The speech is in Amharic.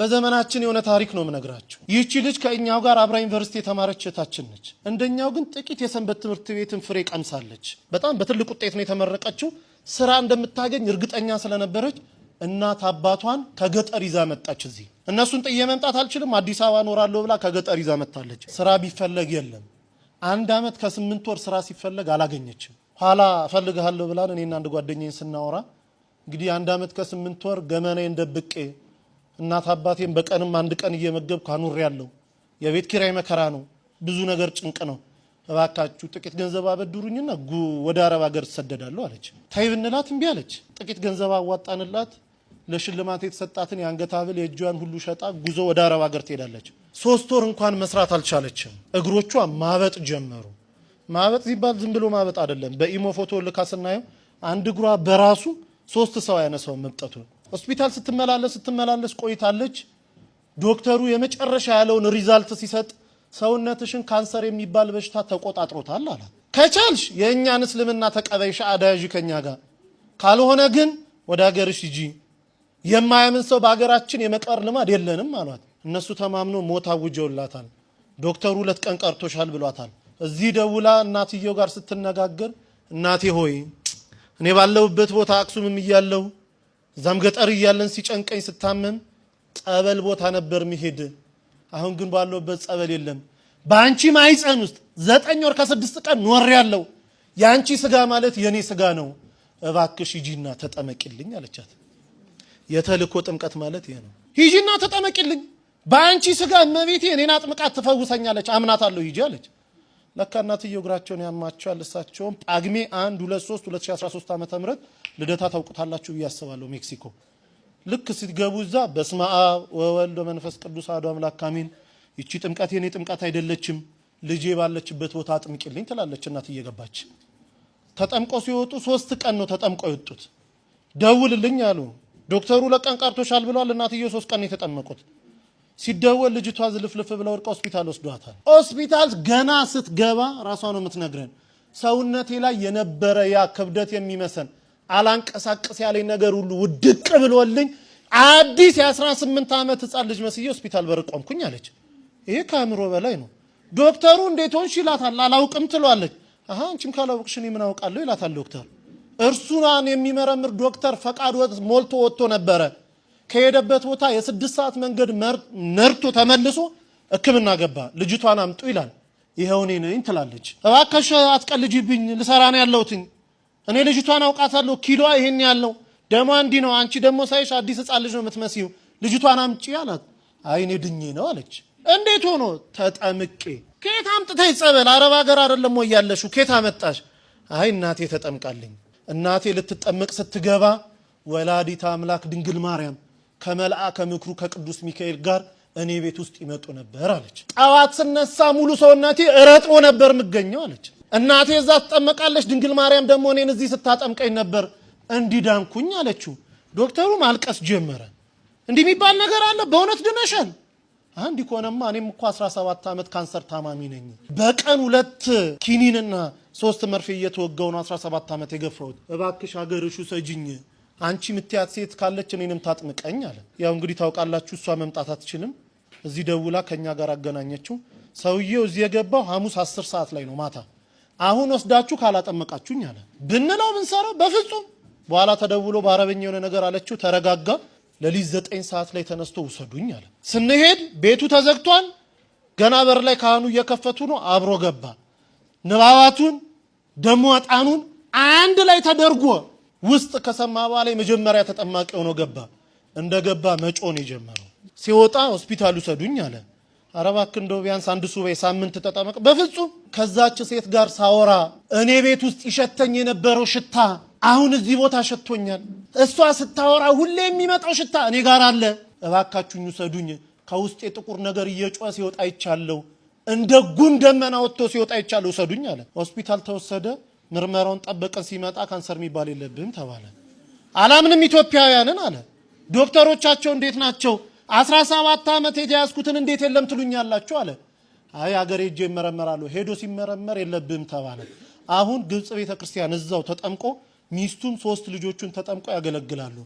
በዘመናችን የሆነ ታሪክ ነው የምነግራችሁ። ይህቺ ልጅ ከእኛው ጋር አብራ ዩኒቨርሲቲ የተማረች እህታችን ነች። እንደኛው ግን ጥቂት የሰንበት ትምህርት ቤትን ፍሬ ቀምሳለች። በጣም በትልቅ ውጤት ነው የተመረቀችው። ስራ እንደምታገኝ እርግጠኛ ስለነበረች እናት አባቷን ከገጠር ይዛ መጣች። እዚህ እነሱን ጥዬ መምጣት አልችልም፣ አዲስ አበባ እኖራለሁ ብላ ከገጠር ይዛ መጣለች። ስራ ቢፈለግ የለም። አንድ ዓመት ከስምንት ወር ስራ ሲፈለግ አላገኘችም። ኋላ እፈልግሃለሁ ብላን እኔና አንድ ጓደኛዬን ስናወራ እንግዲህ አንድ ዓመት ከስምንት ወር ገመናዬን ደብቄ እናት አባቴን በቀንም አንድ ቀን እየመገብኩ አኑሬ ያለው የቤት ኪራይ መከራ ነው። ብዙ ነገር ጭንቅ ነው። እባካችሁ ጥቂት ገንዘብ አበድሩኝና ወደ አረብ ሀገር እሰደዳለሁ አለች። ታይ ብንላት እምቢ አለች። ጥቂት ገንዘብ አዋጣንላት። ለሽልማት የተሰጣትን የአንገት ሀብል የእጇን ሁሉ ሸጣ ጉዞ ወደ አረብ ሀገር ትሄዳለች። ሶስት ወር እንኳን መስራት አልቻለችም። እግሮቿ ማበጥ ጀመሩ። ማበጥ ሲባል ዝም ብሎ ማበጥ አይደለም። በኢሞ ፎቶ ልካ ስናየው አንድ እግሯ በራሱ ሶስት ሰው ያነሳው መብጠቱን ሆስፒታል ስትመላለስ ስትመላለስ ቆይታለች። ዶክተሩ የመጨረሻ ያለውን ሪዛልት ሲሰጥ ሰውነትሽን ካንሰር የሚባል በሽታ ተቆጣጥሮታል አላት። ከቻልሽ የእኛን እስልምና ተቀበይሽ አዳያዥ ከኛ ጋር ካልሆነ ግን ወደ ሀገርሽ ሂጂ። የማያምን ሰው በሀገራችን የመቀር ልማድ የለንም አሏት። እነሱ ተማምኖ ሞት አውጀውላታል። ዶክተሩ ሁለት ቀን ቀርቶሻል ብሏታል። እዚህ ደውላ እናትየው ጋር ስትነጋገር እናቴ ሆይ እኔ ባለሁበት ቦታ አክሱምም እያለሁ እዛም ገጠር እያለን ሲጨንቀኝ ስታመም ጸበል ቦታ ነበር ሚሄድ። አሁን ግን ባለውበት ጸበል የለም። በአንቺ ማይፀን ውስጥ ዘጠኝ ወር ከስድስት ቀን ኖር ያለው የአንቺ ስጋ ማለት የኔ ስጋ ነው፣ እባክሽ ሂጂና ተጠመቂልኝ አለቻት። የተልእኮ ጥምቀት ማለት ይሄ ነው። ሂጂና ተጠመቂልኝ፣ በአንቺ ስጋ እመቤቴ እኔን አጥምቃት ትፈውሰኛለች፣ አምናታለሁ፣ ሂጂ አለች። ለካ እናትየው እግራቸውን ያማቸዋል። እሳቸውም ጳጉሜ 1 2 3 2013 ዓመተ ምህረት ልደታ ታውቁታላችሁ ብዬ አስባለሁ። ሜክሲኮ ልክ ሲገቡ እዛ በስመ አብ ወወልድ ወመንፈስ ቅዱስ አሐዱ አምላክ አሜን። ይቺ ጥምቀት የኔ ጥምቀት አይደለችም፣ ልጄ ባለችበት ቦታ አጥምቂልኝ ትላለች እናት እየገባች። ተጠምቀው ሲወጡ ሶስት ቀን ነው ተጠምቀው የወጡት። ደውልልኝ አሉ ዶክተሩ። ለቀን ቀርቶሻል ብለዋል። እናትየው ሶስት ቀን የተጠመቁት ሲደወል ልጅቷ ዝልፍልፍ ብለ ወድቃ ሆስፒታል ወስዷታል። ሆስፒታል ገና ስትገባ ራሷ ነው የምትነግረን ሰውነቴ ላይ የነበረ ያ ክብደት የሚመሰን አላንቀሳቅስ ያለኝ ነገር ሁሉ ውድቅ ብሎልኝ አዲስ የ18 ዓመት ህፃን ልጅ መስዬ ሆስፒታል በር ቆምኩኝ አለች። ይሄ ከአእምሮ በላይ ነው። ዶክተሩ እንዴት ሆንሽ ይላታል። አላውቅም ትሏለች። አሃ አንቺም ካላውቅሽ እኔ ምን አውቃለሁ ይላታል ዶክተር። እርሱን የሚመረምር ዶክተር ፈቃድ ሞልቶ ወጥቶ ነበረ። ከሄደበት ቦታ የስድስት ሰዓት መንገድ ነርቶ ተመልሶ ሕክምና ገባ። ልጅቷን አምጡ ይላል። ይኸው እኔ ነኝ ትላለች። እባከሽ አትቀልጅብኝ፣ ልሰራ ነው ያለሁትኝ። እኔ ልጅቷን አውቃታለሁ። ኪሎዋ ይሄን ያለው ደሞ እንዲህ ነው። አንቺ ደግሞ ሳይሽ አዲስ ህፃን ልጅ ነው የምትመስዩ። ልጅቷን አምጪ አላት። አይ እኔ ድኜ ነው አለች። እንዴት ሆኖ? ተጠምቄ። ከየት አምጥተሽ ጸበል? አረብ ሀገር አይደለም ወይ ያለሽው? ከየት አመጣሽ? አይ እናቴ ተጠምቃልኝ። እናቴ ልትጠምቅ ስትገባ ወላዲታ አምላክ ድንግል ማርያም ከመልአ ከምክሩ ከቅዱስ ሚካኤል ጋር እኔ ቤት ውስጥ ይመጡ ነበር አለች። ጠዋት ስነሳ ሙሉ ሰውነቴ ረጥቦ ነበር የምገኘው አለች። እናቴ እዛ ትጠመቃለች፣ ድንግል ማርያም ደግሞ እኔን እዚህ ስታጠምቀኝ ነበር እንዲዳንኩኝ አለችው። ዶክተሩ ማልቀስ ጀመረ። እንዲህ የሚባል ነገር አለ? በእውነት ድነሸን አንድ ኮነማ እኔም እኮ 17 ዓመት ካንሰር ታማሚ ነኝ። በቀን ሁለት ኪኒንና ሶስት መርፌ እየተወጋው ነው 17 ዓመት የገፋሁት። እባክሽ ሀገርሹ ሰጅኝ አንቺ የምትያት ሴት ካለች እኔንም ታጥምቀኝ አለ። ያው እንግዲህ ታውቃላችሁ፣ እሷ መምጣት አትችልም። እዚህ ደውላ ከኛ ጋር አገናኘችው። ሰውዬው እዚህ የገባው ሐሙስ አስር ሰዓት ላይ ነው ማታ። አሁን ወስዳችሁ ካላጠመቃችሁኝ አለ። ብንለው ምንሰራው በፍጹም በኋላ ተደውሎ በአረበኛ የሆነ ነገር አለችው። ተረጋጋ። ለሊት ዘጠኝ ሰዓት ላይ ተነስቶ ውሰዱኝ አለ። ስንሄድ ቤቱ ተዘግቷል። ገና በር ላይ ካህኑ እየከፈቱ ነው። አብሮ ገባ። ንባባቱን ደሞ ዕጣኑን አንድ ላይ ተደርጎ ውስጥ ከሰማ በኋላ የመጀመሪያ ተጠማቂ ሆኖ ገባ። እንደገባ መጮን የጀመረው ሲወጣ ሆስፒታሉ ሰዱኝ አለ። አረ እባክህ እንደው ቢያንስ አንድ ሱባኤ ሳምንት ተጠመቅ። በፍጹም ከዛች ሴት ጋር ሳወራ እኔ ቤት ውስጥ ይሸተኝ የነበረው ሽታ አሁን እዚህ ቦታ ሸቶኛል። እሷ ስታወራ ሁሌ የሚመጣው ሽታ እኔ ጋር አለ። እባካችሁኝ ሰዱኝ። ከውስጥ ጥቁር ነገር እየጮኸ ሲወጣ ይቻለው እንደ ጉም ደመና ወጥቶ ሲወጣ ይቻለው ሰዱኝ አለ። ሆስፒታል ተወሰደ። ምርመራውን ጠበቀን ሲመጣ ካንሰር የሚባል የለብህም ተባለ። አላምንም ኢትዮጵያውያንን አለ። ዶክተሮቻቸው እንዴት ናቸው? 17 ዓመት የተያዝኩትን እንዴት የለም ትሉኛላችሁ አለ። አይ አገሬ እጄ ይመረመራሉ ሄዶ ሲመረመር የለብህም ተባለ። አሁን ግብጽ ቤተክርስቲያን እዛው ተጠምቆ ሚስቱን ሶስት ልጆቹን ተጠምቆ ያገለግላሉ።